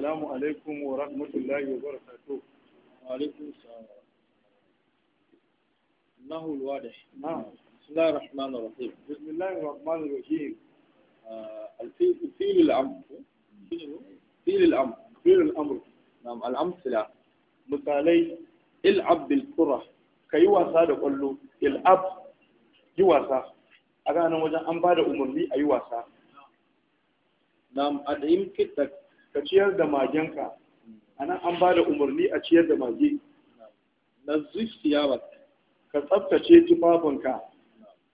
assalamu alaikum wa rahmatullahi wa barakatuh wa alaikum assalam nahu alwadih na'am bismillahir rahmanir rahim bismillahir rahmanir rahim الفيل الأمر فيل الأمر فيل الأمر نعم الأمثلة مثالي العب بالكرة كي واسا da kwallo il'ab yi wasa a ranar wajen an ba da umarni a yi wasa ka ciyar da magenka A nan an ba da umarni a ciyar da mage nazif siyabat ka tsaftace tufafinka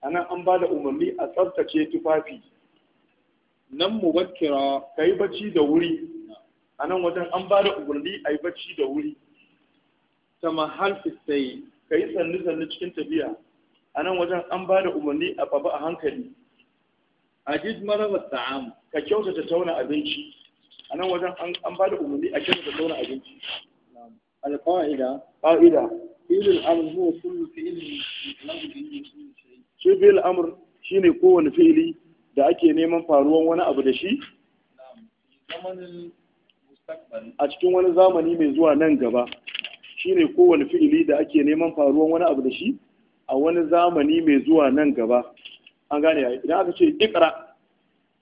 A nan an ba da umarni a tsaftace tufafi nan mu bakira ka yi bacci da wuri A nan wajen an ba da umarni a yi bacci da wuri Ta halfi sai ka yi sannu-sannu cikin tafiya A nan wajen an ba da umarni a baba a hankali a jid marabar ta'am ka kyautata tauna abinci a nan wajen an ba da umarni a shirin da zauna abinci alƙa'ida Fa'ida, fi'il al-amr huwa kullu fi'ilin yutlaqu bihi kullu shi fi'il amr shine kowane fi'ili da ake neman faruwan wani abu da shi a cikin wani zamani mai zuwa nan gaba shine kowane fi'ili da ake neman faruwan wani abu da shi a wani zamani mai zuwa nan gaba an gane idan aka ce ikra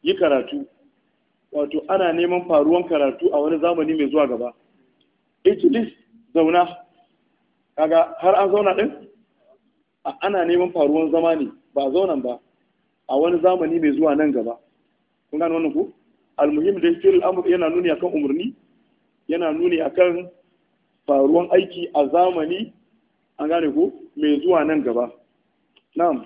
yi karatu wato ana neman faruwan karatu a wani zamani mai zuwa gaba ijlis zauna kaga har an zauna din ana neman faruwan zamani ba zaunan ba a wani zamani mai zuwa nan gaba kun gane wannan ku almuhim da fil amr yana nuni akan umarni yana nuni akan faruwan aiki a zamani an gane ku mai zuwa nan gaba na'am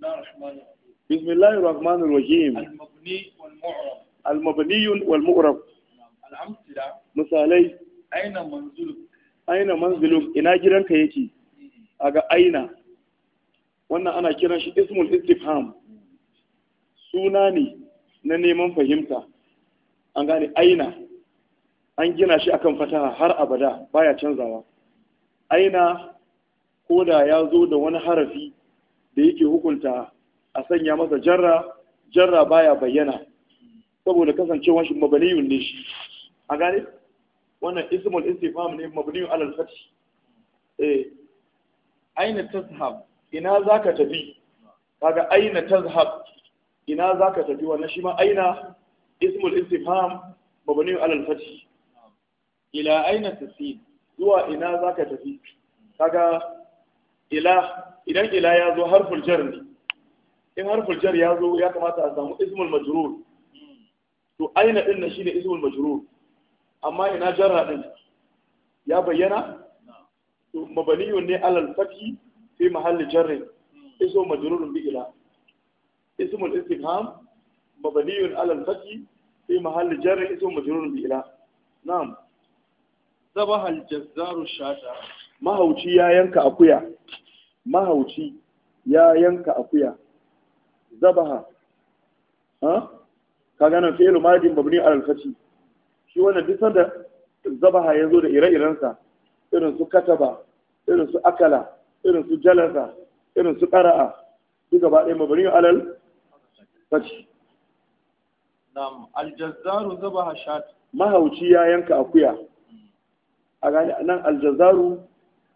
na'am بسم الله الرحمن الرحيم المبني والمعرب المبني والمعرب الأمثلة مثالي أين منزلك أين منزلك إنا wannan ana kiran shi ismul istifham suna ne na neman fahimta an gane aina an gina shi a kan fataha har abada baya canzawa aina ko da ya zo da wani harafi da yake hukunta a sanya masa jarra jarra baya bayyana saboda kasancewar shi mabaniyun ne shi a gane wannan ismul istifham ne mabniyun alal fath eh aina tazhab ina zaka tafi kaga aina tazhab ina zaka tafi wannan shi ma aina ismul istifham mabniyun alal fath ila aina tasid zuwa ina zaka tafi kaga ila idan ila ya zo harful jar ne in harful jar ya zo ya kamata a samu ismul majrur to aina din nan shine ismul majrur amma ina jarra din ya bayyana to mabaniyun ne alal fathi fi mahalli jarrin ismu majrurun bi ila ismul istifham mabaniyun alal fathi fi mahalli jarrin ismu majrurun bi ila na'am zabaha al-jazzaru shata mahauci ya yanka akuya mahauci ya yanka akuya zabaha ha kaga nan fi'lu madin mabni alal fathi shi wannan duk sanda zabaha ya zo da ire-iren sa irin su kataba irin su akala irin su jalasa irin su qara'a duk gaba ɗaya mabni alal fathi nam aljazzaru zabaha shat mahauci ya yanka akuya a gani nan aljazzaru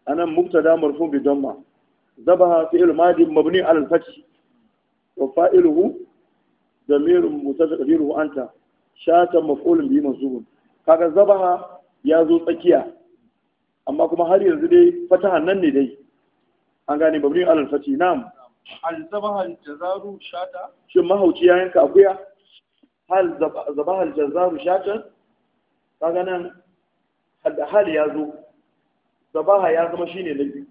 anan mubtada marfu bi damma zabaha fi'lu madin mabni alal fathi وفائله ضمير متقديره أنت شاة مفعول به منصوب kaga zabaha ya zo tsakiya amma kuma har yanzu dai fataha nan ne dai an gane babrin alal fati na'am al zabaha jazaru shata shin mahauci ya yanka akuya hal zabaha jazaru shata kaga nan hal ya zo zabaha ya zama shine na biyu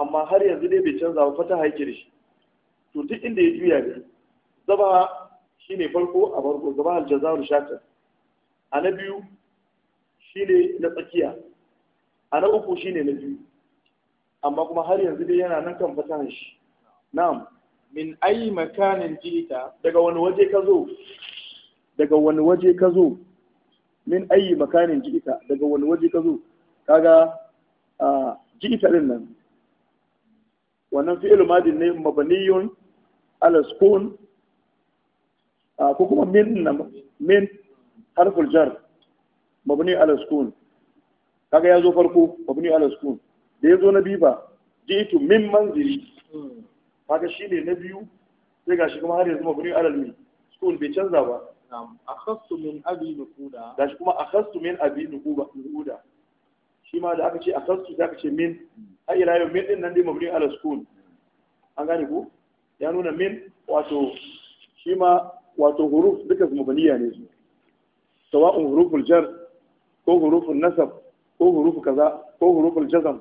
amma har yanzu dai bai canza ba fataha yake da shi to duk inda ya juya ne zaba ne farko a farko zaba aljazar shatar a na biyu shi ne na tsakiya a na uku shi ne na biyu amma kuma har yanzu dai yana nan kan fatan shi na'am min ayi makanin jita daga wani waje ka zo daga wani waje ka zo min ayi makanin jita daga wani waje ka zo kaga ah, jita din nan wannan fi'il madin ne mabaniyun Alaskon? sukun ko kuma min na min harful jar mabni ala sukun kaga ya zo farko mabni ala sukun da ya zo na biyu ba jitu min manzili kaga ne na biyu sai gashi kuma har yanzu mabni ala mi sukun bai canza ba akhastu min abi nukuda gashi kuma akhastu min abi nukuda shi ma da aka ce akhastu da aka ce min a ila yau min din nan dai mabni ala sukun an gane ko? ya nuna min wato shi ma wato huruf duka su mabaniya ne su sawa'un huruful jar ko huruful nasab ko hurufin kaza ko huruful jazam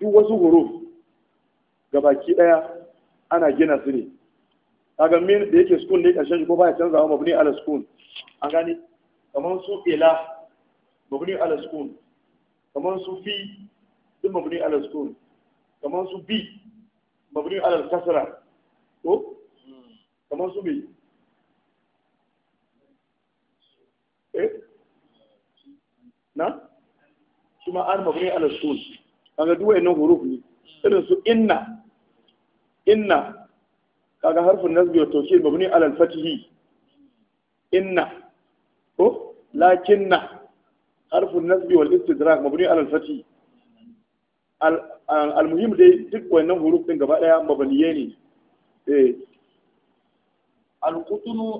duk wasu huruf gabaki daya ana gina su ne kaga min da yake sukun ne karshen shi ko baya canzawa mabni ala sukun an gane kamar su ila mabni ala sukun kamar su fi duk mabni ala sukun kamar su bi mabni ala kasra ko kamar su mai eh na kuma ma an mabni ala sun kaga duwaye nan huruf ne irin su inna inna kaga harfin nasbi wa tawkid mabni ala al-fatihi inna ko lakinna harfin nasbi wal istidrak mabni ala al-fatihi al-muhim dai duk wannan huruf din gaba daya mabaniyai ne eh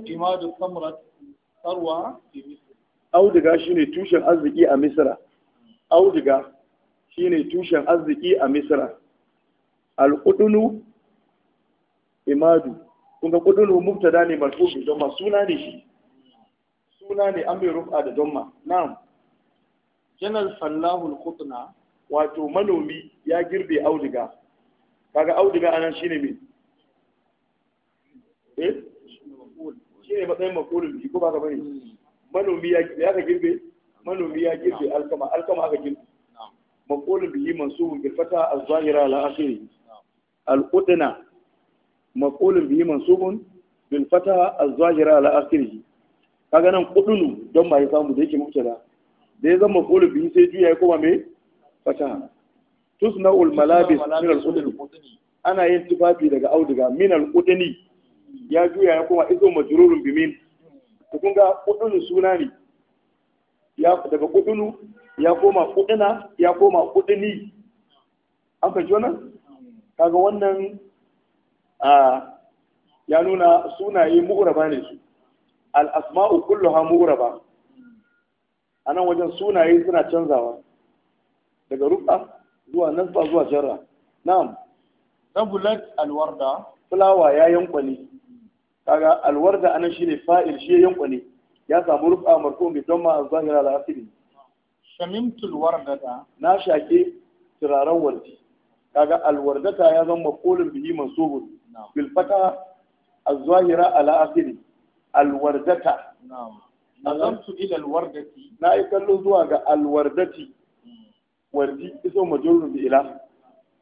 imadu samrat sarwa fi shine tushen arziki a misra auduga shine tushen arziki a misra al imadu kun ga qutnu mubtada ne marfu bi dhamma suna ne shi suna ne an bai rufa da dhamma na'am janar fallahul qutna wato manomi ya girbe auduga kaga auduga anan shine mai eh shi ne matsayin makulun bi ko ba ka bane manomi ya ya ka girbe manomi ya girbe alkama alkama aka girbe makulun bi mansubun bil fata az-zahira la akhiri al-qudna makulun bi mansubun bil fata az-zahira la akhiri kaga nan kudunu don ba ya samu da yake mutu da ya zama makulun bi sai juya ya koma me fata tusna'ul malabis min al-qudni ana yin tufafi daga auduga min al-qudni ya juya ya koma izo majrurun bimin Ku kun ga kudunu suna ne ya daga kudunu ya koma kuduna ya koma kudini an fahimci wannan kaga wannan a ya nuna sunaye mu'raba ne su al asma'u kulluha mu'raba nan wajen sunaye suna canzawa daga rufa zuwa nasba zuwa jarra na'am tabulat alwarda fulawa ya yankwale kaga alwarda anan shine fa'il shi yankwane ya samu rufa marfu bi damma az-zahira al shamimtu al na shake turaren wardi kaga al'wardata ya zama maqulun bihi mansubun bil fata az-zahira al Al'wardata. na'am nazamtu ila alwardati na yi kallo zuwa ga al'wardati hmm. wardi iso majrurun bi ila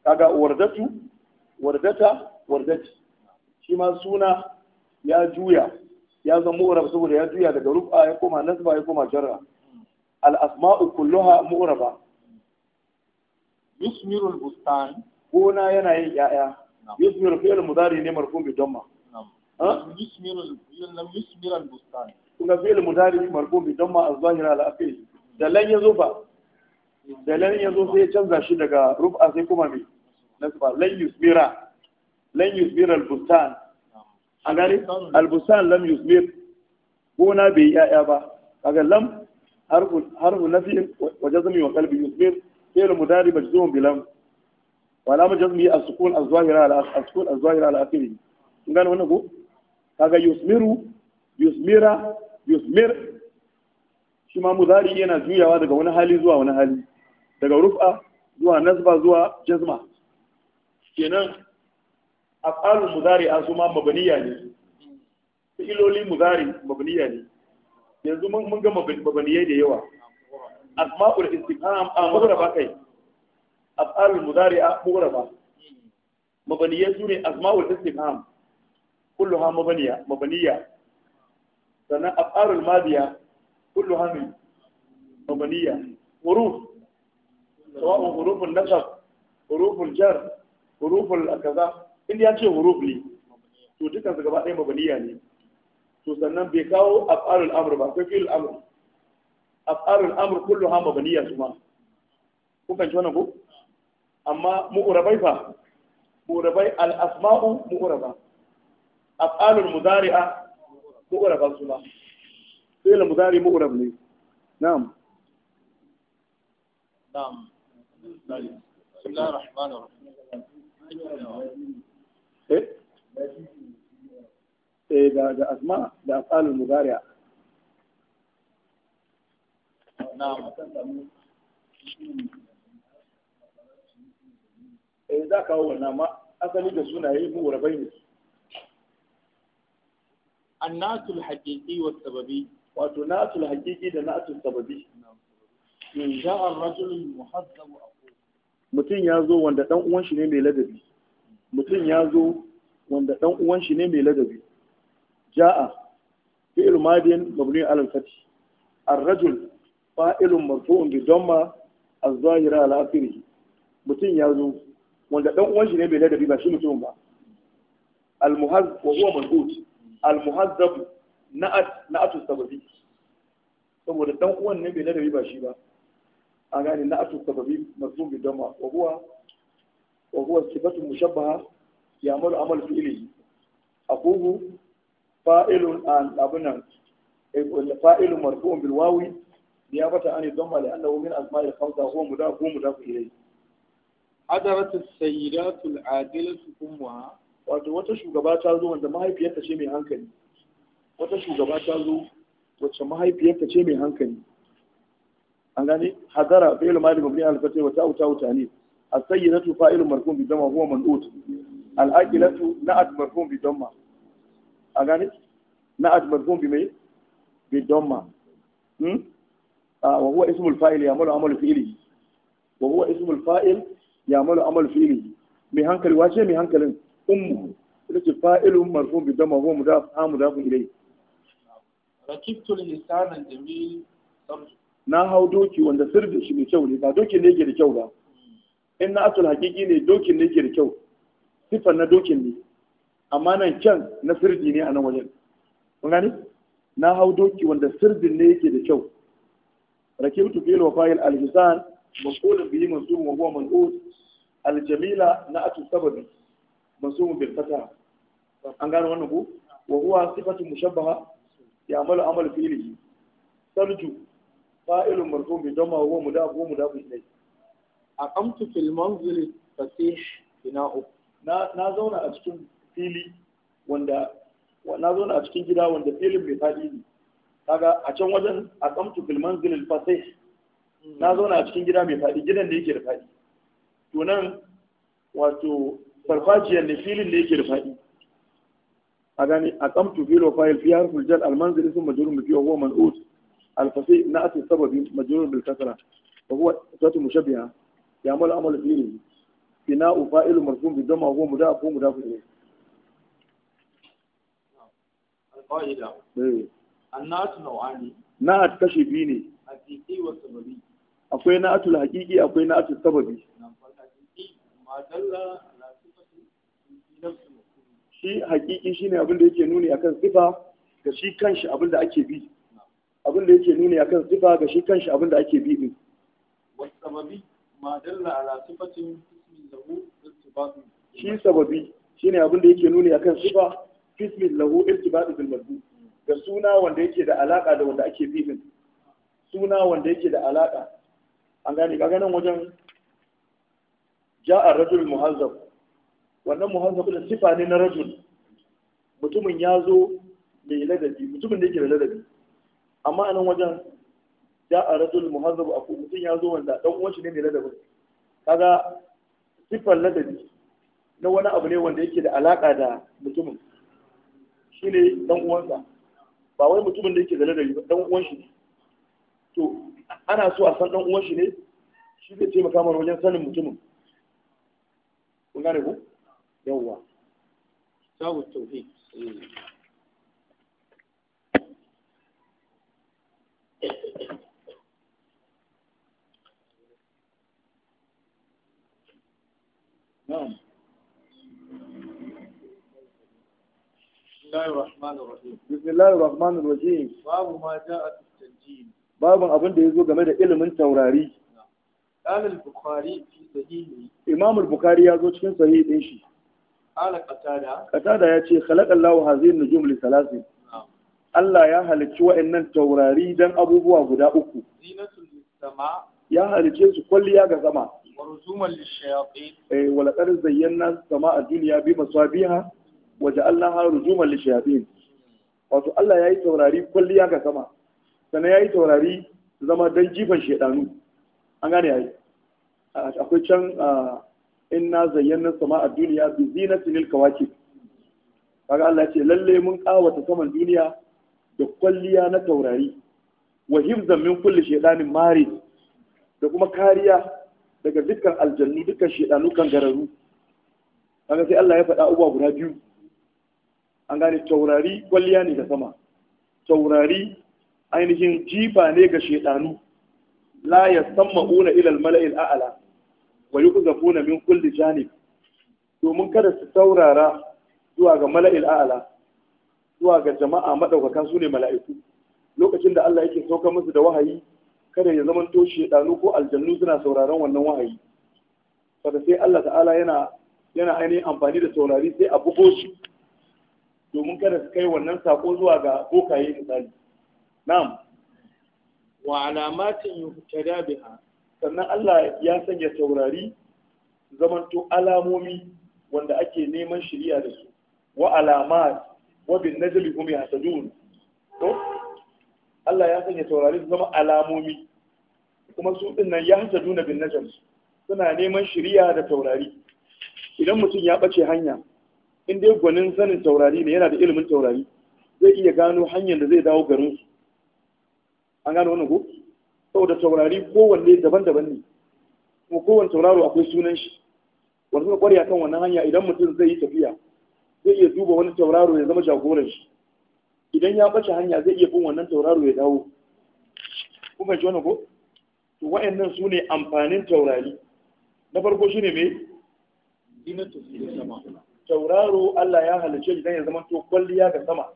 kaga wardatu wardata wardati shi ma suna ya juya ya zama mu'rab saboda ya juya daga rufa ya koma nasba ya koma jarra al asma'u kulluha mu'raba yusmiru al bustan gona yana yin ya'ya yusmiru fi'l mudari ne marfu bi damma yusmiru lam yusmiru al bustan kuma fi'l mudari marfu bi damma al zahira al afil da lan yazo ba, da lan yazo sai ya canza shi daga rufa sai koma mai. nasba lan yusmira lan yusmira al bustan a gane albusan lam yusbir gona bai yaya ba ga lam harfu nafi wa jazmi wa qalbi yusbir fi'l mudari majzum bi lam wa lam jazmi as-sukun az-zahira ala as-sukun az-zahira ala akhiri kun gane wannan ko kaga yusmiru yusmira yusmir shi ma mudari yana juyawa daga wani hali zuwa wani hali daga rufa zuwa nasba zuwa jazma kenan afalu muzari an suma mabaniya ne fi'iloli muzari mabaniya ne yanzu mun ga mabaniya da yawa asma'ul istifham an mudraba kai af'alul muzari an mudraba mabaniya su ne asma'ul istifham kulluha mabaniya mabaniya sannan afalu madiya kulluha mabaniya huruf sawa'un hurufun nasab hurufun jar hurufun kaza in ya ce huruf ne to dukkan su gaba ɗaya mabaniya ne to sannan bai kawo af'alul amr ba akwai fi'il amr af'alul amr kullu ha mabaniya su ma kun kanci wannan ko amma mu'rabai fa mu'rabai al asma'u mu'raba af'alul mudari'a mu'raba su ma fi'il mudari mu'rab ne na'am na'am بسم الله الرحمن الرحيم eh eh da da asma da afalul eh za ka wannan amma asali da sunaye mu rabai ne الناس الحقيقي والسببي hakiki da natul sababi mutum ya zo wanda ɗan uwan shi ne mai ladabi mutum ya zo wanda ɗan uwan shi ne mai ladabi ja'a fi'il madin mabni alal fati ar-rajul fa'ilun marfu'un bi damma az-zahira ala akhirih mutum ya zo wanda ɗan uwan shi ne mai ladabi ba shi mutum ba al muhadd wa huwa manhut al-muhazzab na'at na'atu sababi saboda ɗan uwan ne mai ladabi ba shi ba a gane na'atu sababi marfu'un bi damma wa huwa وهو huwa sifatun يعمل عمل amal fi'li abuhu fa'ilun an abunan eh, fa'ilun marfu'un bil wawi niyabata an dhamma li annahu min asma'il khamsa huwa إليه huwa السيدات العادلة adarat wato wata shugaba ta zo wanda mahaifiyarta ce mai hankali wata shugaba ta zo wacce mahaifiyarta ce mai hankali an gane hadara fi'il madi mabni as-sayyidatu fa'ilun marfun bi dhamma huwa man'ut al-aqilatu na'at marfun bi dhamma a gane na'at marfun mai bi dhamma hmm ismul fa'il ya'malu amalu fi'lihi wa huwa ismul fa'il ya'malu amalu fi'lihi mai hankali wace mai hankalin ummu ita ce fa'ilun marfun bi dhamma huwa mudaf amudaf ilayhi rakibtul lisanan jamil na hau doki wanda sirri shi mai kyau ne ba doki ne ke da kyau ba in na asul hakiki ne dokin ne ke da kyau siffar na dokin ne amma nan can na sirri ne a nan wajen kun gani na hau doki wanda sirri ne yake da kyau rakibtu fil wafa'il al-hisan maqulun bihi mansub wa huwa man'ut al-jamila na atu sababi mansub bil fata an gano wannan ku wa huwa sifatu mushabbaha ya'malu amal fi'lihi salju fa'ilun marfu bi dama wa huwa mudaf wa mudaf ilayhi A kamtu manzil fasih bina'u na na zauna a cikin fili wanda na zauna a cikin gida wanda filin bai fadi ne kaga a can wajen a kamtu filman zuri fasih na zauna a cikin gida mai fadi gidan da yake da fadi to nan wato farfajiyar ne filin da yake da fadi a gani aqamtu filo fayil fi harful jar al sun ism mafi wa huwa man'ut al fasih na'at sababi majrur bil kasra wa huwa sifatu mushabbiha ya mala فيه بناء ina ufa'ilu marfun bi dama huwa mudaf ko mudaf ilayhi al-qaida annatu nawani na'at kashi biyu ne haqiqi akwai akwai shi hakiki shi ne abin da yake nuni akan sifa ga shi kanshi abin da ake bi abin da yake nuni akan sifa ga shi kanshi abin da ake bi din sababi ma dalla ala sifatin ismin lahu irtibatun shi sababi shine abin da yake nuni akan sifa ismin lahu irtibatun bil madbu Da suna wanda yake da alaka da wanda ake bibin suna wanda yake da alaka an gane kaga nan wajen ja'a rajul muhazzab wannan muhazzab da sifa ne na rajul mutumin ya zo mai ladabi mutumin da yake da ladabi amma a nan wajen ja'a rajul muhazzab aku mutum ya zo wanda dan uwan shi ne da ladabi kaga sifar ladabi na wani abu ne wanda yake da alaka da mutumin shi ne dan uwansa ba wai mutumin da yake da ladabi ba dan uwan shi ne to ana so a san dan uwan shi ne shi zai taimaka mana wajen sanin mutumin kun gane ku yawwa sabu tauhid eh. نعم بسم الله الرحمن الرحيم باب ما جاء في التنجيم باب abin da yazo game da ilimin taurari قال البخاري في صحيحه امام البخاري yazo cikin sahih din shi قال قتاده قتاده yace خلق الله هذه النجوم لثلاث Allah ya halicci wa'annan taurari dan abubuwa guda uku zinatul sama ya halicce su kulliya ga sama ورسوما للشياطين ولقد زينا السماء الدنيا بمصابيح وجعلناها رجوما للشياطين wato Allah ya yi taurari kwalliya ga sama sannan ya yi taurari zama don jifan shedanu an gane ya yi akwai can inna zayyana sama a duniya bi zinatin ilkawaki kaga Allah ce lalle mun kawata saman duniya da kwalliya na taurari wa hifzan min kulli shaidanin mari da kuma kariya daga dukkan aljannu dukkan shedanu kan gararu kaga sai Allah ya faɗa uba guda biyu an gane taurari kwalliya ne ga sama taurari ainihin jifa ne ga shedanu la ya yasamma'una ila ilal malail a'ala wa yuqzafuna min kulli janib domin kada su taurara zuwa ga mala'il a'ala zuwa ga jama'a madaukaka su ne mala'iku lokacin da Allah yake sauka musu da wahayi kada ya zama toshe ɗanu ko aljannu suna sauraron wannan wahayi saboda sai Allah ta'ala yana yana ainihin amfani da saurari sai a bugo shi domin kada su kai wannan sako zuwa ga bokaye misali na'am wa alamatin yuhtada biha sannan Allah ya sanya saurari zamanto alamomi wanda ake neman shirya da su wa alamat wa bin najli hum yahtadun to Allah ya sanya taurari su zama alamomi kuma su din nan ya hanta duna bin najam suna neman shiriya da taurari idan mutum ya bace hanya in dai gwanin sanin taurari ne yana da ilimin taurari zai iya gano hanyar da zai dawo garin su an gano wannan ko saboda taurari kowanne daban-daban ne kuma kowanne tauraro akwai sunan shi wanda suka kan wannan hanya idan mutum zai yi tafiya zai iya duba wani tauraro ya zama jagoran shi idan ya bace hanya zai iya bin wannan tauraro ya dawo kun fahimci wani ko to wa'annan su ne amfanin taurari na farko shine me zinatu fi sama tauraro Allah ya halice shi dan ya zama to kwalliya ga sama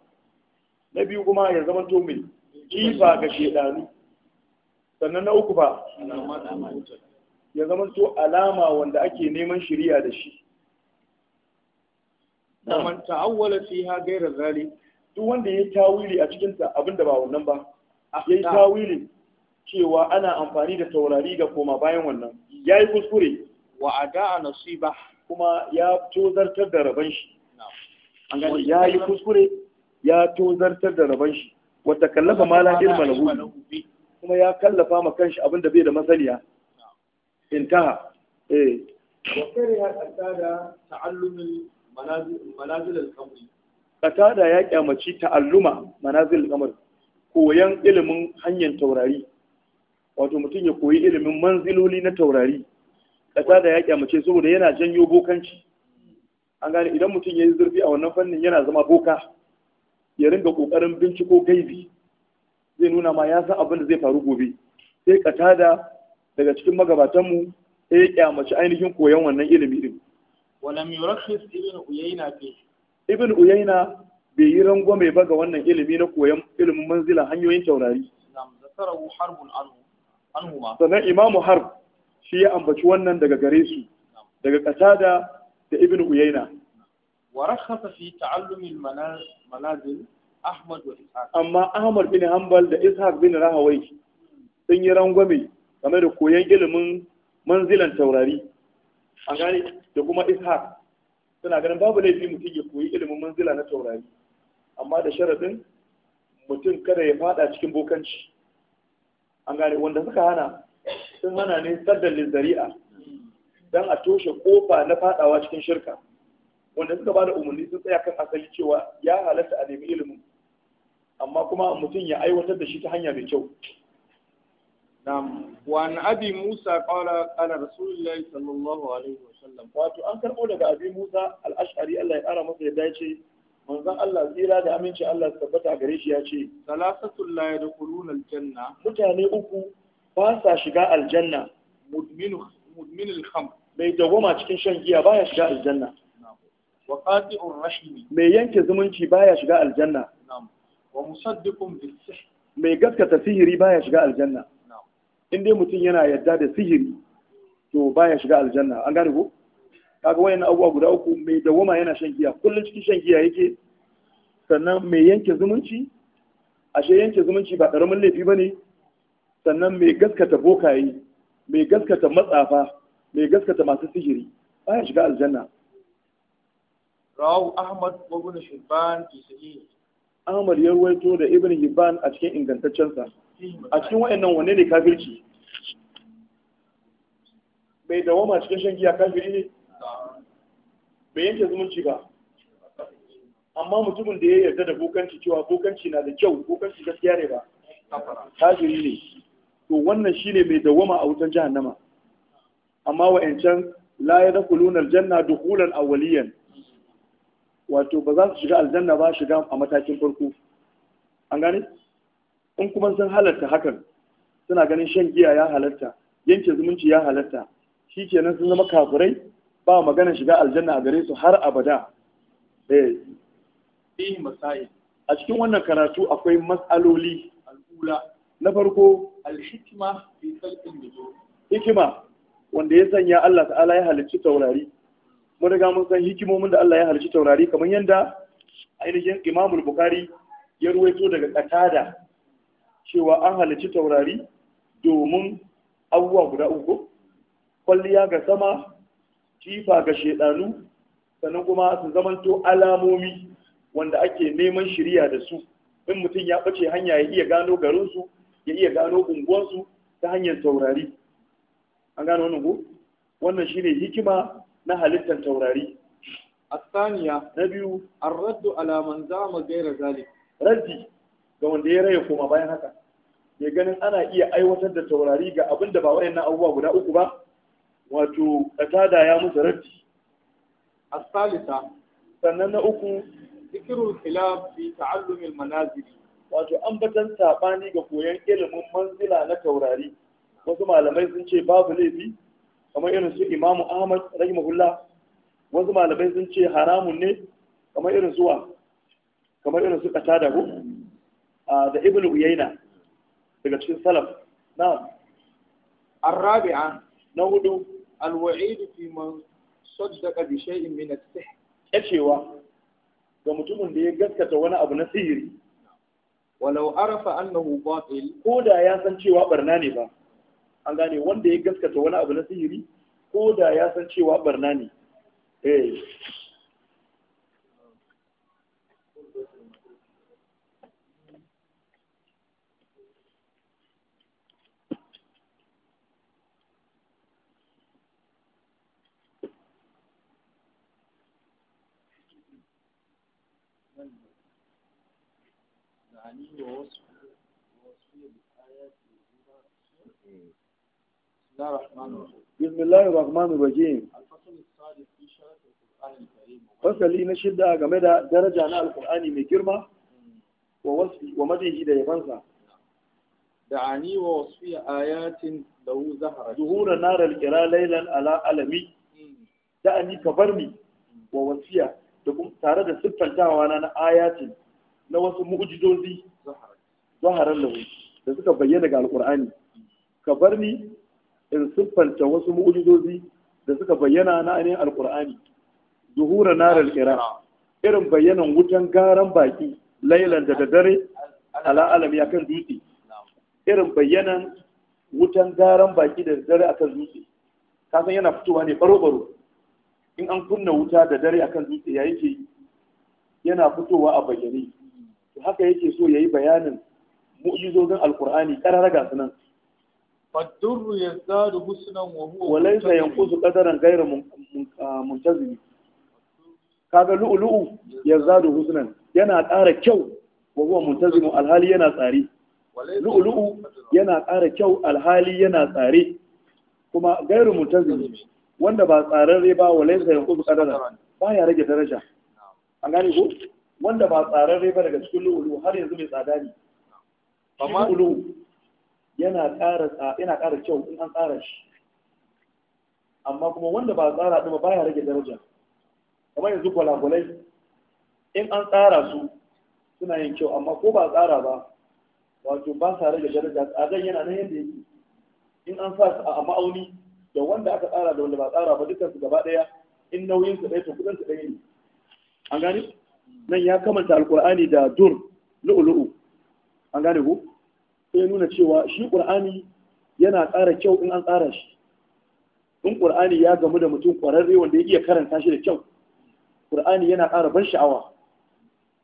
na biyu kuma ya zama to mai kifa ga shedanu sannan na uku ba ya zama to alama wanda ake neman shiriya da shi man ta'awwala fiha ghayra zalik duk wanda ya yi tawili a cikin abin da ba wannan ba ah, ya yi ah. tawili cewa ana amfani da taurari ga koma bayan wannan ya yi kuskure wa ada nasiba kuma ya tozartar da raban shi ya yi kuskure ya tozartar da raban shi wata kallafa mala ilma lahu kuma ya kallafa ma kanshi abin da bai da masaniya intaha eh wa kariha ta'allum manazil al-qamri katada ya kyamaci ta'alluma manazil qamar koyan ilimin hanyar taurari wato mutum ya koyi ilimin manziloli na taurari qatada ya kyamace saboda yana janyo bokanci an gane idan mutum ya yi zurfi a wannan fannin yana zama boka ya ringa kokarin binciko gaibi zai nuna ma ya san abin da zai faru gobe sai qatada daga cikin magabatanmu sai ya kyamaci ainihin koyon wannan ilimi din walam yurakhis ibn uyayna fi ibn uyaina bai yi rangwame ba ga wannan ilimi na koyon ilimin manzila hanyoyin taurari sannan imamu harb shi ya ambaci wannan daga gare su daga katada da ibn uyaina fi في تعلم ahmad wa ishaq Amma Ahmad bin hanbal da Ishaq bin rahawai sun yi rangwame game da koyon ilimin manzilan taurari a gane da kuma ishaq suna ganin babu laifi mutum ya koyi ilimin manzila na taurari amma da sharaɗin mutum kada ya fada cikin bokanci an gane wanda suka hana sun hana ne saddalin zari'a don a toshe kofa na faɗawa cikin shirka wanda suka ba da umarni sun tsaya kan asali cewa ya halatta a nemi ilimin amma kuma mutum ya aiwatar da shi ta hanya mai kyau Nam, wa an abi Musa qala qala Rasulullahi sallallahu alaihi sallam. Wato an karbo daga abi Musa al-Ash'ari Allah ya kara masa yadda ya ce manzon Allah tsira da aminci Allah su tabbata gare shi ya ce salasatul la yadkhuluna al-janna mutane uku ba sa shiga aljanna mudminu mudmin al-khamr bai dawoma cikin shan giya baya shiga aljanna wa qati'ur rahimi mai yanke zumunci baya shiga aljanna wa musaddiqun bis-sihr mai gaskata sihiri baya shiga aljanna in dai mutum yana yarda da sihiri to baya shiga aljanna an gane ko kaga wayan abubuwa guda uku mai dawama yana shan giya kullum cikin shan giya yake sannan mai yanke zumunci ashe yanke zumunci ba karamin laifi ba ne sannan mai gaskata bokaye mai gaskata matsafa mai gaskata masu sihiri baya shiga aljanna rawu ahmad wa gunu shibban fi Ahmad ya ruwaito da Ibn Hibban a cikin ingantaccensa. A cikin waɗannan wanne ne kafirci? Bai dawama cikin shan giya kafiri ne? Bai yanke zumunci ba. Amma mutumin da ya yarda da bokanci cewa bokanci na da kyau, bokanci gaskiya ne ba. Kafiri ne. To wannan shine mai dawama a wutan jahannama. Amma wa'ancan la ya dakuluna aljanna dukulan awwaliyan wato ba za su shiga aljanna ba shiga a matakin farko an gane in kuma sun halarta hakan suna ganin shan giya ya halarta yanke zumunci ya halarta shi kenan sun zama kafirai ba magana shiga aljanna a gare su har abada eh masai. a cikin wannan karatu akwai matsaloli al'ula na farko al fi khalqin hikima wanda ya sanya Allah ta'ala ya halicci taurari mun riga mun san hikimomin da Allah ya halicci taurari kamar yadda ainihin Imam Bukhari ya ruwaito daga Qatada cewa an halicci taurari domin abubuwa guda uku kwalliya ga sama jifa ga shedanu sannan kuma su zamanto alamomi wanda ake neman shirya da su in mutum ya ɓace hanya ya iya gano garinsu ya iya gano unguwansu ta hanyar taurari an gano wannan ku. wannan shine hikima na halittar taurari asaniya na biyu an ala man zama gaira zali. raddi ga wanda ya raya koma bayan haka mai ganin ana iya aiwatar da taurari ga abin da ba na abubuwa guda uku ba wato katada ya musu raddi asalisa sannan na uku zikirul khilaf fi ta'allumil manaziri. wato ambatan saɓani ga koyon ilimin manzila na taurari wasu malamai sun ce babu laifi kamar irin su imamu ahmad rahimahullah wasu malamai sun ce haramun ne kamar irin zuwa kamar irin su kata da da ibn uyaina daga cikin salaf na arabi'a na hudu alwa'idu fi man saddaqa bi shay'in min as-sihr cewa. ga mutumin da ya gaskata wani abu na sihiri walau arafa annahu batil ko da ya san cewa barna ne ba an gane wanda ya gaskata wani abu na sihiri ko da ya san cewa barna ne eh. bismillahir rahmanir rahim fasali na shidda game da daraja na alkur'ani mai girma wa madihi da yabansa da'ani wa wasfi ayatin lahu zahara zuhura nar alqira laylan ala alami da'ani da kuma tare da siffantawa na na wasu mu'jizozi da suka bayyana ga alqur'ani kabarni in siffanta wasu mu'ujizozi da suka bayyana na ainihin alkur'ani zuhura narar kira irin bayyanan wutan garan baki lailan da daddare ala alam ya kan dutse irin bayyanan wutan garan baki da daddare akan dutse kasan yana fitowa ne baro-baro in an kunna wuta da dare akan dutse ya yake yana fitowa a bayyane haka yake so ya yi bayanin mu'ujizozin alkur'ani ƙararraga su nan فالدر يزداد حسنا وهو وليس ينقص قدرا غير منتظم kaga lu'lu'u yazadu husnan yana ƙara kyau wa huwa muntazimu alhali yana tsare lu'lu'u yana ƙara kyau alhali yana tsare kuma gairu muntazimu wanda ba tsararre ba wa laysa yanqudu qadara ba ya rage daraja an gane ku wanda ba tsararre ba daga cikin lu'lu'u har yanzu mai tsada ne lu'lu'u yana ƙara kyau in an tsara shi amma kuma wanda ba tsara ɗin ba ya rage daraja kamar yanzu gwalagwalai in an tsara su suna yin kyau amma ko ba tsara ba wato ba sa rage daraja tsadan yana na yadda yake in an sa su a ma'auni da wanda aka tsara da wanda ba tsara ba dukkan su gaba ɗaya in nauyin su ɗaya to kuɗin su ɗaya ne an gane nan ya kamanta alƙur'ani da dur lu'ulu'u an gane ku sai nuna cewa shi ƙur'ani yana ƙara kyau in an tsara shi in ƙur'ani ya gamu da mutum ƙwararre wanda ya iya karanta shi da kyau ƙur'ani yana ƙara ban sha'awa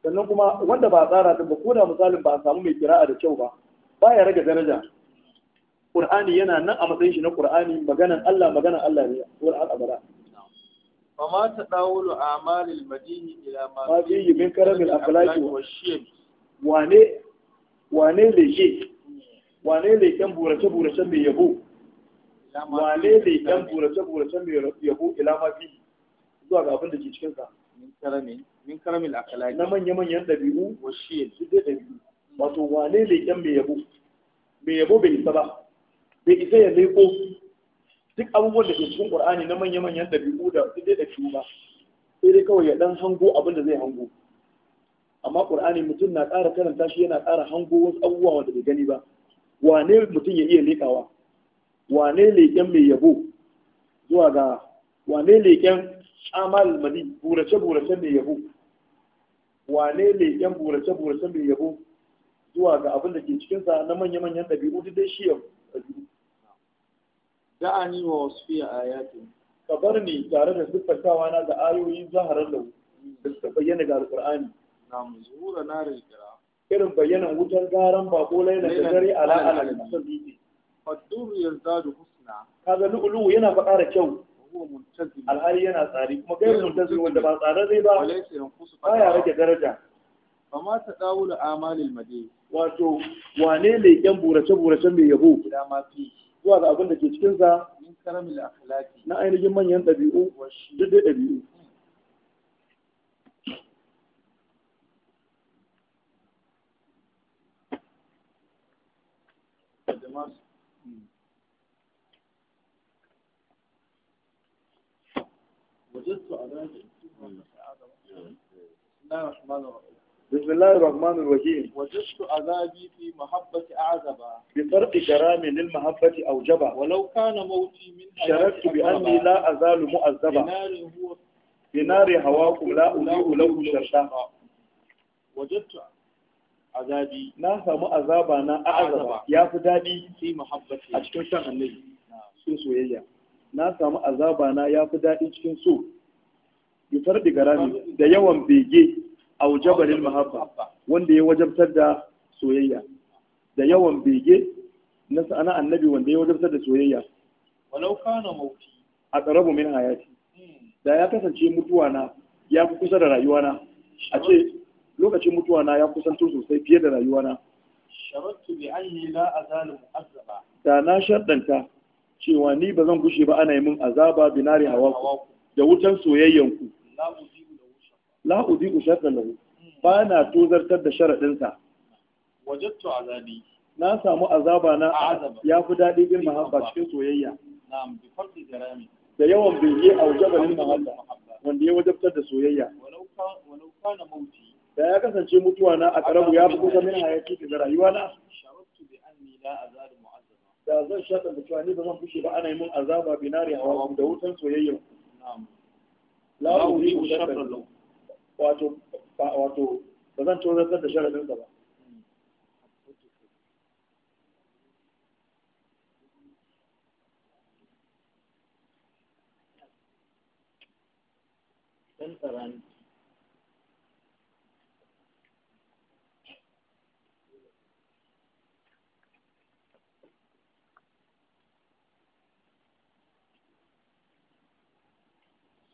sannan kuma wanda ba a tsara ta ba ko da misalin ba a samu mai kira'a da kyau ba Ba ya rage daraja ƙur'ani yana nan a matsayin shi na ƙur'ani maganan Allah maganan Allah ne wal madini ila تداول أعمال المدين إلى ما فيه من كرم wa والشيم wane wane leje wane leƙen burace-burace mai yabo wane leƙen burace-burace mai yabo ila zuwa ga abin da ke cikin sa min karamin akalaki na manya-manyan ɗabi'u wa shi duk da ɗabi'u wato wane leƙen mai yabo mai yabo bai isa ba bai isa ya ko? duk abubuwan da ke cikin ƙur'ani na manya-manyan ɗabi'u da su da ɗabi'u ba sai dai kawai ya ɗan hango abin da zai hango amma ƙur'ani mutum na ƙara karanta shi yana ƙara hango wasu abubuwa wanda bai gani ba wane mutum ya iya likawa? wane leken mai yabo zuwa ga wane leken amal mali burace burace mai yabo wane leken burace burace mai yabo zuwa ga abin da ke cikinsa na manya manyan ɗabi'u duk dai shi ya da'ani wa wasu fiye a yaki ka bar ni tare da siffantawa na ga ayoyin zaharar da suka bayyana ga Alƙur'ani. na muzura na rigira. irin bayanan wutar garan bako laila da dare ala ala da kasar dutse faduru yazdadu husna kaga lu'lu'u yana fa ƙara kyau alhali yana tsari kuma kai muntazir wanda ba tsararre ba ya rage daraja fama ta dawulu amalil made wato wane ne yan burace burace mai yabo da ma zuwa ga abin da ke cikin sa min karamil akhlaqi na ainihin manyan dabi'u duk dai dabi'u بسم الله الرحمن الرحيم وجدت عذابي في محبة أعذبا بطرق كرامي للمحبة أوجبا ولو كان موتي من شرفت بأني لا أزال مؤذبا بنار هواكم لا أضيء له شرطا وجدت azabi na samu azaba na azaba ya fi daɗi fi muhabbati a cikin san annabi cikin soyayya na samu azaba na ya fi daɗi cikin so yutar da garami da yawan bege a jabalin mahabba wanda ya wajabtar da soyayya da yawan bege na sa'ana annabi wanda ya wajabtar da soyayya walau kana mauti a tsarabu min hayati da ya kasance mutuwa na ya fi kusa da rayuwa na a ce lokacin mutuwa na ya kusanto sosai fiye da rayuwa na sharattu bi anni la azalu mu'azzaba da na shaddanta cewa ni ba zan gushe ba ana yi min azaba binari hawa da wutan soyayyen ku la uziku sharta lahu ba na tozartar da sharadin sa azabi na samu azaba na ya fi daɗi bin mahabba cikin soyayya da yawan bilge a wajabalin mahabba wanda ya wajabtar da soyayya da ya kasance mutuwa na a karabu ya fi kusa min hayati da rayuwa na da zan shaɗa da cewa ni ba zan fushe ba ana yi mun azaba binari hawa da wutan soyayya la uri usharra wato wato ba zan tozartar da sharadin ba dan tsarani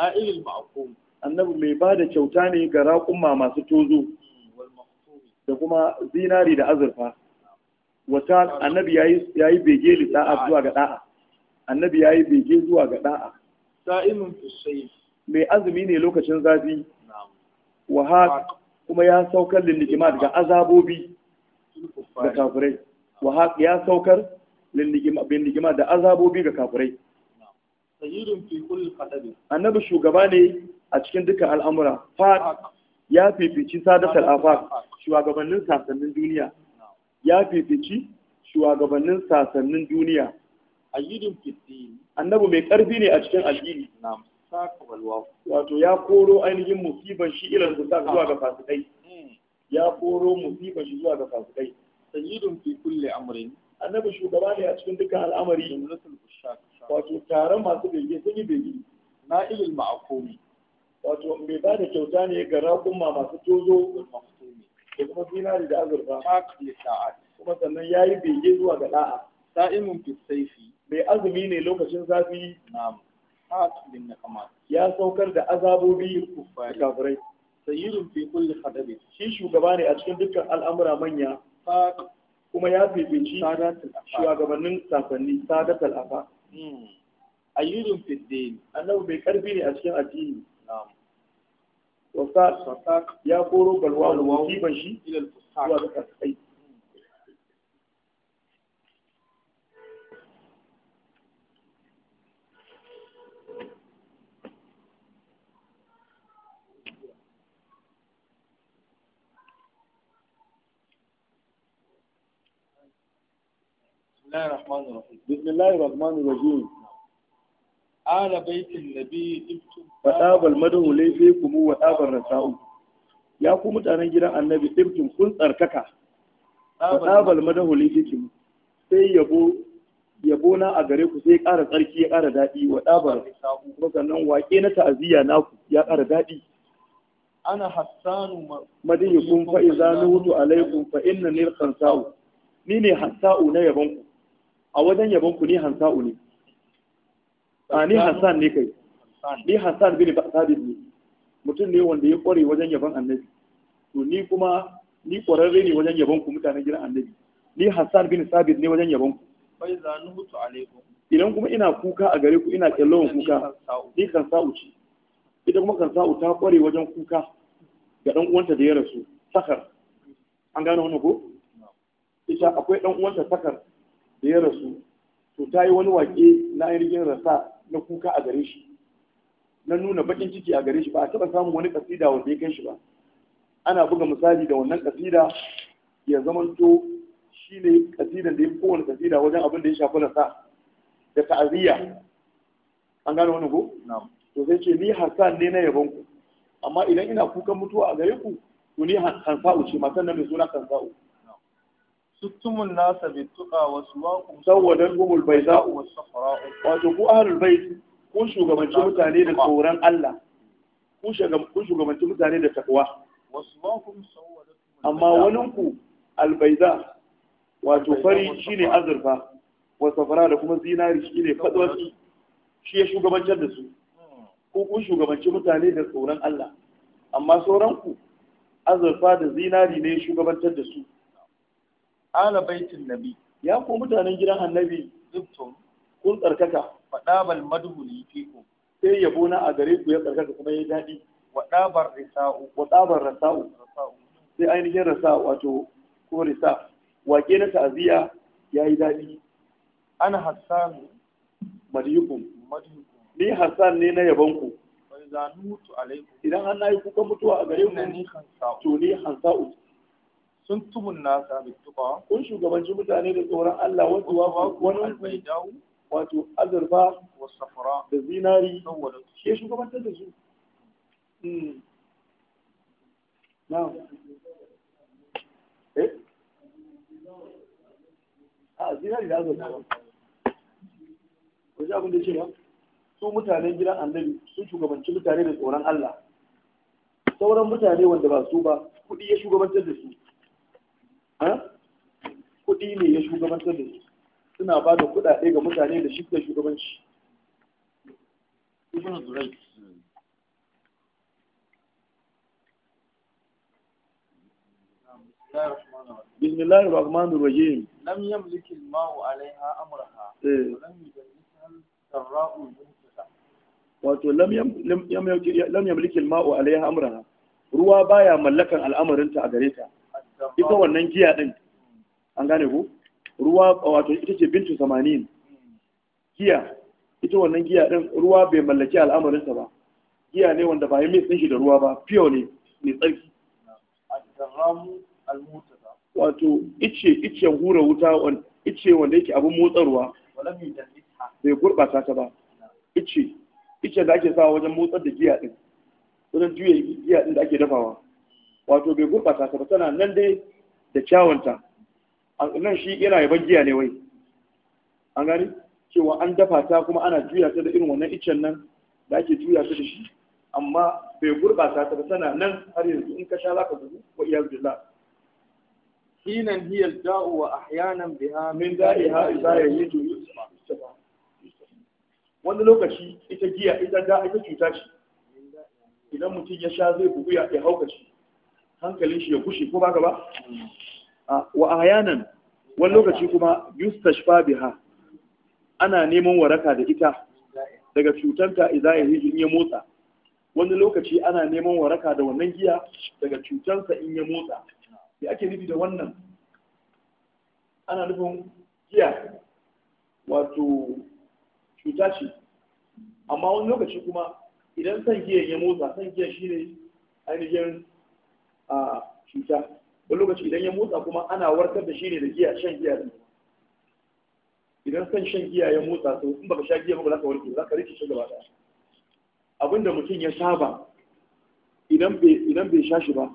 na'ilil ma'qum annabi mai ba da kyauta ne ga raƙumma masu tozo da kuma zinari da azurfa wata annabi ya yi bege li da'a zuwa ga da'a annabi ya yi bege zuwa ga da'a sa'imun tusayyi mai azumi ne lokacin zafi wa kuma ya saukar lilligima daga azabobi da kafirai wa ya saukar lilligima da azabobi ga kafirai sayyidun fi kulli qadabi annabi shugaba ne a cikin dukkan al'amura fa ya fifici sadatul afaq shugabannin sasannin duniya ya fifici shugabannin sasannin duniya ayyidun fiddin annabi mai karfi ne a cikin addini na'am wato ya koro ainihin musiban shi ilan zuwa zuwa ga fasikai hmm. ya koro musiban shi zuwa ga fasikai sayyidun fi kulli amrin annabi shugaba ne a cikin dukkan al'amari wato taron masu bege sun yi bege na ilil ma'akomi wato mai ba da kyauta ne ga raƙumma masu tozo da kuma zinari da azurfa kuma sannan ya yi bege zuwa ga da'a sa'imun fi saifi mai azumi ne lokacin zafi na'am haƙilin na kama ya saukar da azabobi kafirai sayyirin fi kulli hadabi shi shugaba ne a cikin dukkan al'amura manya kuma ya fifici shugabannin safanni sadatul afa Hmm. ayyudun fiddin annabu bai karfi ne a cikin addini wasa ya koro balwa musiban shi zuwa ga بسم الله الرحمن الرحيم آل بيت النبي فطاب المدح لي فيكم وطاب الرساء يا ku mutanen gidan annabi ibtum kun tsarkaka fatabal madahu li fikum sai yabo na a gare ku sai ƙara tsarki ya ƙara daɗi wa ɗabar kuma sannan waƙe na ta'aziyya naku ya ƙara daɗi ana hassanu madiyukum fa idza nutu alaikum fa inna nil khansa'u ni ne hassa'u na yabanku a wajen yabon ku ni hansa'u ne a ni hassan ne kai ni hassan bin sabit ne mutum ne wanda ya kware wajen yabon annabi to ni kuma ni kwararre ne wajen yabon ku mutanen gidan annabi ni hassan bin sabit ne wajen yabon ku bai hutu idan kuma ina kuka a gare ku ina kyallon kuka ni kan sa'u ce ita kuma kan sa'u ta kware wajen kuka ga dan uwanta da ya rasu sakar an gane wannan ko ita akwai dan uwanta sakar da ya rasu to ta yi wani wake na ainihin rasa na kuka a gare shi na nuna bakin ciki a gare shi ba a taɓa samun wani kasida wanda ya kai shi ba ana buga misali da wannan kasida ya zamanto shi ne kasidan da ya fi kowane kasida wajen abin da ya shafi rasa da ta'aziyya an gane wani ko to sai ce ni hasan ne na yabon ku amma idan ina kukan mutuwa a gare ku to ni hansa'u ce matan nan mai suna hansa'u suttumun nasa bi tuqa wa suwaqu sawadan humul bayda'u was wato ku ahlul bait ku shugabanci mutane da tsoron Allah ku shugabanci mutane da takwa amma wanin ku albaiza wato fari shine azurfa wa safara da kuma zinari shi ya da su hmm. kun mutane da tsoron Allah amma sauran ku azurfa da zinari ne shugabantar da su ala baitin nabi ya ku mutanen gidan annabi zubtum kun tsarkaka faɗabal madhuli fiku sai yabo na a gare ku ya tsarkaka kuma ya daɗi waɗabar risa'u waɗabar rasa'u sai ainihin rasa wato ko risa wake na ta'ziya ya yi daɗi ana hassan madhukum ni hassan ne na yabon ku idan an na yi kuka mutuwa a gare ku to ni hansa'u sun tumun nasa bi kun shugabanci mutane da tsoron Allah wato wa wani mai dawo wato azurfa wa safara da zinari saboda shi shugabantar da su hmm. eh? a zinari da azurfa ko ji abin da ce ba su mutanen gidan annabi sun shugabanci mutane da tsoron Allah sauran mutane wanda ba su ba kuɗi ya shugabantar da su kuɗi ne ya shugabantar da su suna ba da kuɗaɗe ga mutane da shi da shugabanci بسم الله الرحمن wato alaiha ruwa baya mallakan al'amarinta a gare ta ita wannan giya din an gane ku ruwa wato ita ce bintu samanin giya ita wannan giya din ruwa bai mallaki al'amarinsa ba giya ne wanda ba yi mai tsinshi da ruwa ba fiyo ne mai tsarki wato ice icen hura wuta ice wanda yake abin motsarwa bai gurɓata ta ba ice ice da ake sawa wajen motsar da giya din wajen juya giya din da ake dafawa wato bai gurɓata ta ba tana nan dai da kyawunta nan shi yana yaban giya ne wai an gani cewa an dafa ta kuma ana juya ta da irin wannan iccen nan da ake juya ta da shi amma bai gurɓata ta ba tana nan har yanzu in ka sha za ka bugu wa iya zula hinan hiya da'u wa ahyanan biha min da'iha idza yahitu yusma wani lokaci ita giya ita da ita cuta ce idan mutum ya sha zai bugu ya hauka shi hankalin shi ya kushe ko baka ba wa ayanan wani lokaci kuma yustashfa biha ana neman waraka da ita daga cutanta idan ya in ya motsa wani lokaci ana neman waraka da wannan giya daga cutansa in ya motsa da ake nufi da wannan ana nufin giya wato cuta ce amma wani lokaci kuma idan san giyan ya motsa san giyan ne ainihin a cuta wani lokaci idan ya motsa kuma ana warkar da shi ne da giya shan giya ne idan san shan giya ya motsa to in baka sha giya ba za ka warke za ka rike shi gaba daya abinda mutum ya saba idan bai idan bai sha shi ba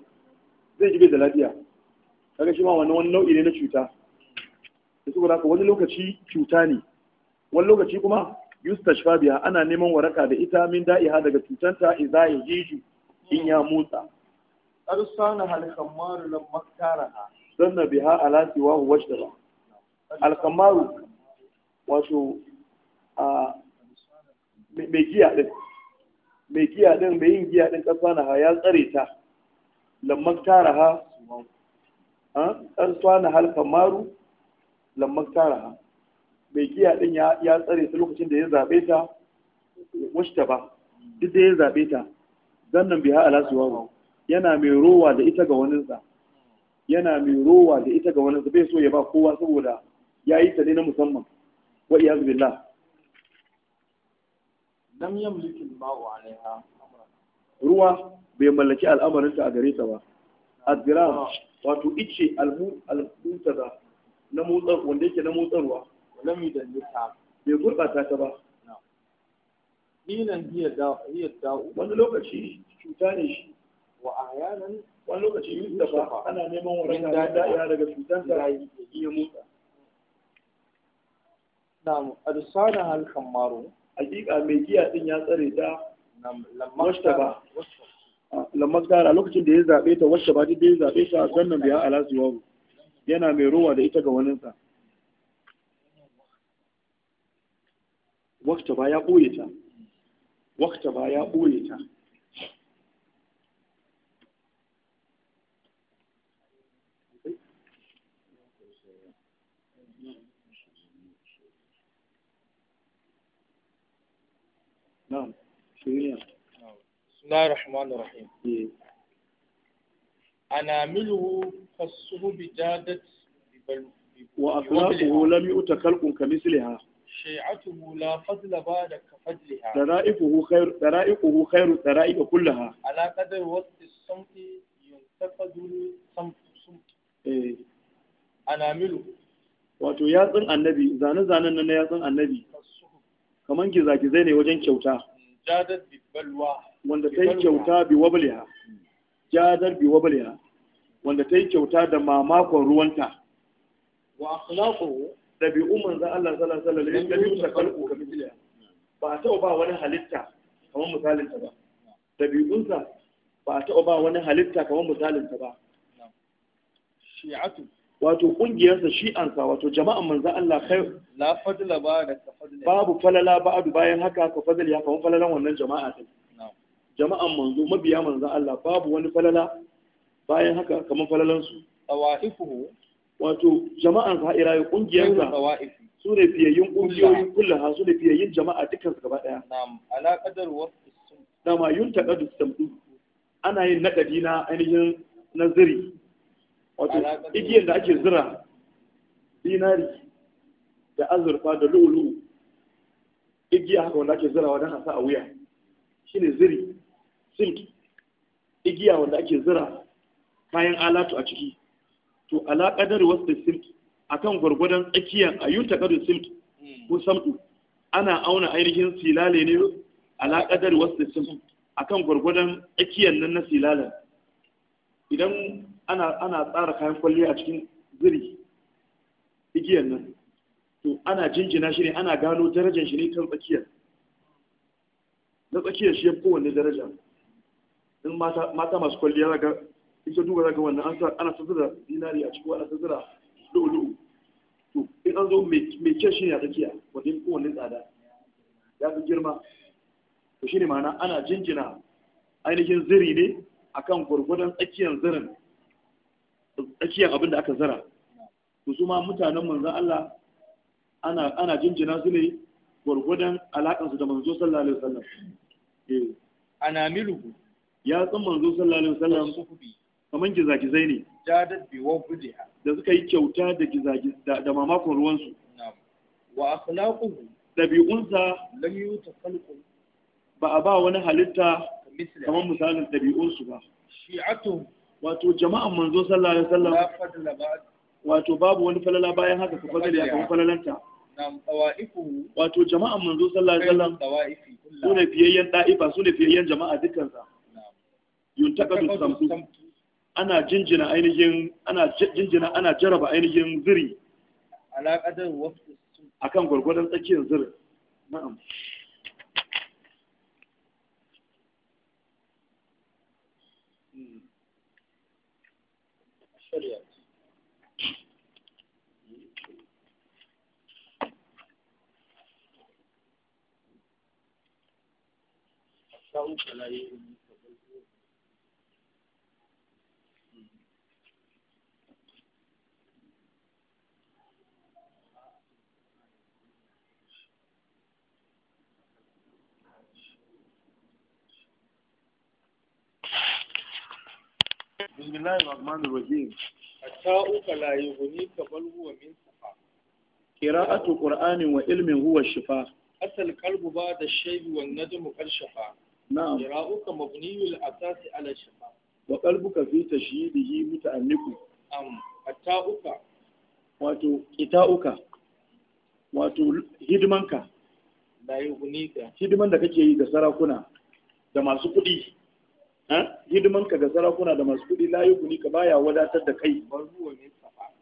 zai ji bai da lafiya kaga shi ma wannan wani nau'i ne na cuta da su ka wani lokaci cuta ne wani lokaci kuma yustash biya ana neman waraka da ita min da'iha daga cutanta idza yajiju in ya motsa arsana halkammaru lam maktaraha zanna biha ala siwa washtara alkammaru wato a mai giya din mai giya din mai yin giya din kasa na ya tsare ta lammak tara ha an tsana halkan maru lammak tara ha mai giya ya tsare ta lokacin da ya zabe ta washta ba duk ya zabe ta zannan biha ala siwawu yana mai rowa da ita ga waninsa yana mai rowa da ita ga waninsa bai so ya ba kowa saboda ya yi ta ne na musamman wa iyaz billah lam yamliki al-ma'u 'alayha ruwa bai mallaki al'amarinta a gare ta ba azgram ah. wato ice al-muntaza na motsar wanda yake na motsarwa lam yudallika bai gurbata ta ba Nilan hiyar da'u. Wani lokaci cuta ne shi, wa ayanan wani lokaci ba ana neman wani da ya daga cutar da iya na'am arsana halkan maro hakika mai giya ya tsare ta washtaba ah, lokacin da ya zabe ta washtaba ba ya zabe ta sannan biya yana mai ruwa da ita ga waninsa wakta ba ya ta ya ɓoye ta na'am shirya bismillahir rahmanir rahim ana milhu fasuhu bijadat wa akhlaquhu lam yu'ta khalqun شيعته لا فضل بعد كفضلها درائقه خير درائقه خير الدرائق كلها على قدر وقت الصمت ينتقد الصمت صمت ايه انا ملو wato yatsun annabi zane-zanen na yatsun annabi kaman gizagizai ne wajen kyauta jadar bi balwa wanda ta yi kyauta bi wabliha jadar bi wabliha wanda ta yi kyauta da mamakon ruwanta wa akhlaqu da bi umman za Allah sallallahu alaihi wasallam da bi takalku ka ba ta ba wani halitta kamar misalin ta ba da bi unsa ba ta ba wani halitta kamar misalin ta ba shi'atu wato ƙungiyarsa ansa wato jama'an manzan Allah kai? la fadla ba da fadla babu falala ba'adu bayan haka ka fadli ya kawo falalan wannan jama'a din jama'an manzo mabiya manzan Allah babu wani falala bayan haka kamar falalan su tawaifuhu wato jama'an sa irayi ƙungiyarsa tawaifi su ne fiyayyun ƙungiyoyin kullum ha su ne fiyayyin jama'a dukkan su gaba daya na'am ala qadar wasu dama yun taqaddu samdu ana yin nakadi na ainihin nazari wato igiyar da ake zira dinari da azurfa da lulu igiya haka wanda ake zirawa don a sa a wuya shi ne ziri silk igiya wanda ake zira kayan alatu a ciki to ala wasu da silk akan gwargwadon tsakiyar ta kadu silk ko hmm. samdu ana auna ainihin silale ne ala wasu da silk akan gwargwadon tsakiyar nan na silalen idan ana tsara kayan kwalliya a cikin zuri igiyar nan to ana jinjina shi ne ana gano darajar shi ne kan tsakiyar na tsakiyar shi ya kowanne daraja in mata masu kwalliya zaga in ka duba daga wannan an sa ana sassara dinari a ciki ana sassara lu'ulu'u to in an zo mai kyan shi ne a tsakiya wadda ya kowanne tsada ya fi girma to shi ne ma'ana ana jinjina ainihin ziri ne akan gwargwadon tsakiyar zirin tsakiyar abin da aka zara ku zuma mutanen manzon Allah ana ana jinjina su ne gwargwadon alakansu da manzo sallallahu alaihi wasallam eh ana miluhu ya san manzo sallallahu alaihi wasallam kaman gizagizai ne jadat bi wafdiha da suka yi kyauta da gizagiz da mamakon ruwan su wa akhlaquhu dabi'unsa lam yutafalqu ba a ba wani halitta kamar misalin dabi'unsu ba shi'atuhum wato jama'an manzo sallallahu alaihi wasallam wato babu wani falala bayan haka ka fadala ya kuma falalanta wato jama'an manzo sallallahu alaihi wasallam su ne fiyayyen da'ifa su ne fiyayyen jama'a dukkan sa yuntakadu samtu ana jinjina ainihin ana jinjina ana jaraba ainihin ziri ala qadar akan gurgurdan tsakiyar zirin na'am بسم الله الرحمن الرحيم التاؤك لا يغنيك بل هو من صفا قراءة قرآن وعلم هو الشفاء أتى القلب بعد الشيب والندم قد شفاء na'am asasi ala shafa wa da masu kuɗi hidimanka ga sarakuna da masu kuɗi baya wadatar da kai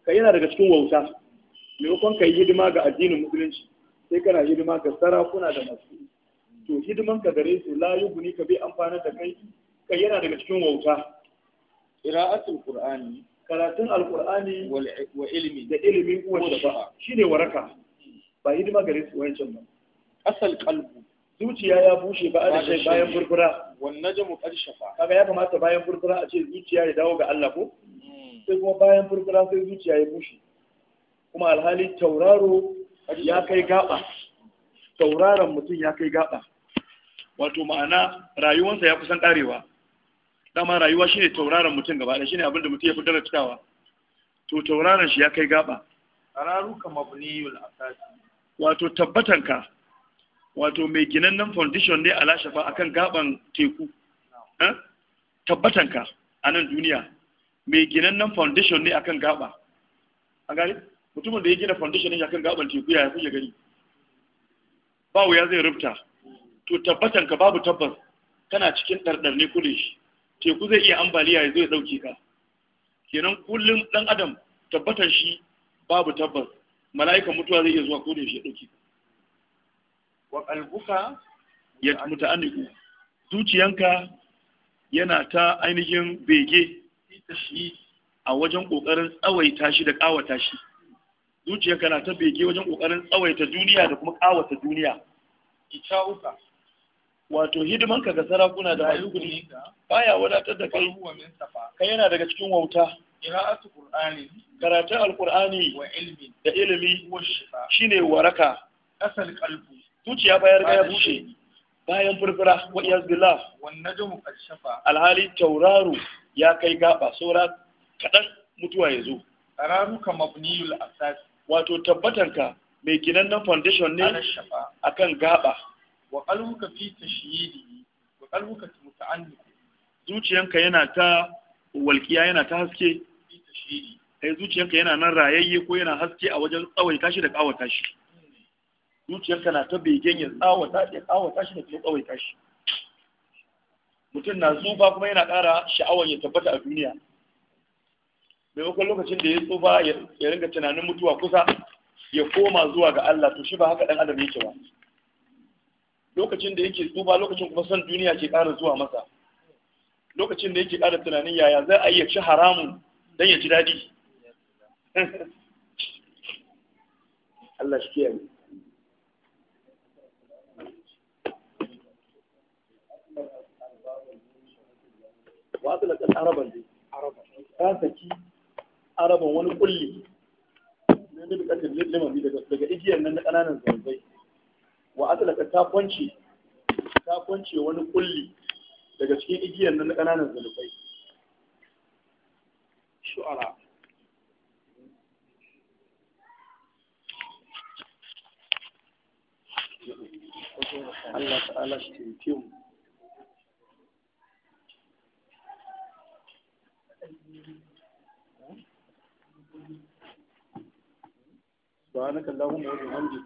ka yana daga cikin wauta maimakon ka yi hidima ga addinin musulunci sai kana hidima ga sarakuna da masu kuɗi to hidiman ka gare su la guni ka bi amfana da kai kai yana daga cikin wauta qira'atul qur'ani karatun alqur'ani wa ilmi da ilmi kuwa ba shine waraka ba hidima gare su wancan ba asal qalbu zuciya ya bushe ba da shi bayan burbura wan najmu qad ba. kaga ya kamata bayan burbura a ce zuciya ya dawo ga Allah ko hmm. sai kuma bayan burbura sai zuciya ya bushe kuma alhali tauraro ya kai gaba tauraron mutum ya kai gaba wato ma'ana rayuwansa ya kusan karewa dama rayuwa shine tauraron mutum gaba da shine abinda mutum ya fi darajtawa to tauraron shi ya kai gaba qararuka mabniyul asasi wato tabbatanka wato mai ginannen foundation ne ala shafa akan gaban teku eh? tabbatanka a nan duniya mai ginannen foundation ne akan gaba a gari mutumin da ya gina foundation ne akan gaban teku ya kuke gani ba wuya zai rubuta to tabbatan ka babu tabbas kana cikin ɗarɗar ne kudin shi teku zai iya ambaliya ya zo ya ka kenan kullum ɗan adam tabbatan shi babu tabbas mala'ika mutuwa zai iya zuwa kudin shi ya ɗauki ka wa qalbuka ya muta'anniqu zuciyanka yana ta ainihin bege a wajen ƙoƙarin tsawaita shi da ƙawata shi zuciyanka na ta bege wajen ƙoƙarin tsawaita duniya da kuma ƙawata duniya ita wato hidimanka ga sarakuna da maluguri baya wadatar da kai kai yana daga cikin wauta karatun alkur'ani da ilimi shine waraka zuciya bayar ga bushe bayan furfura wa iyaz billah alhali tauraro ya kai gaba saura kaɗan mutuwa ya zo mabniyul wato tabbatanka mai ginannen foundation ne akan gaba وقلبك في fi وقلبك متعلق qalbuka yana ta walkiya yana ta haske fi kai eh, zuciyanka yana nan rayayye ko yana haske a wajen tsawai shi da kawata tashi zuciyarka na ta begen ya ta ke kawata tashi da kuma tsawai shi mutum na tsufa kuma yana ƙara sha'awar ya tabbata a duniya maimakon lokacin da ya tsufa ya ringa tunanin mutuwa kusa ya koma zuwa ga Allah to shi ba haka dan adam yake ba lokacin da yake tsufa lokacin kuma son duniya ke ƙara zuwa masa lokacin da yake ƙara tunanin yaya za a iya ci haramun don ya ji daɗi Allah shi kiyaye wasu da araban dai ta saki araban wani kulle na da bukatar liman daga igiyar nan na ƙananan zanzai wa asalaka ta kwance ta kwance wani kulli daga cikin igiyar nan na kananan zanubai shu'ara Allah ta'ala shi taimake mu سبحانك اللهم وبحمدك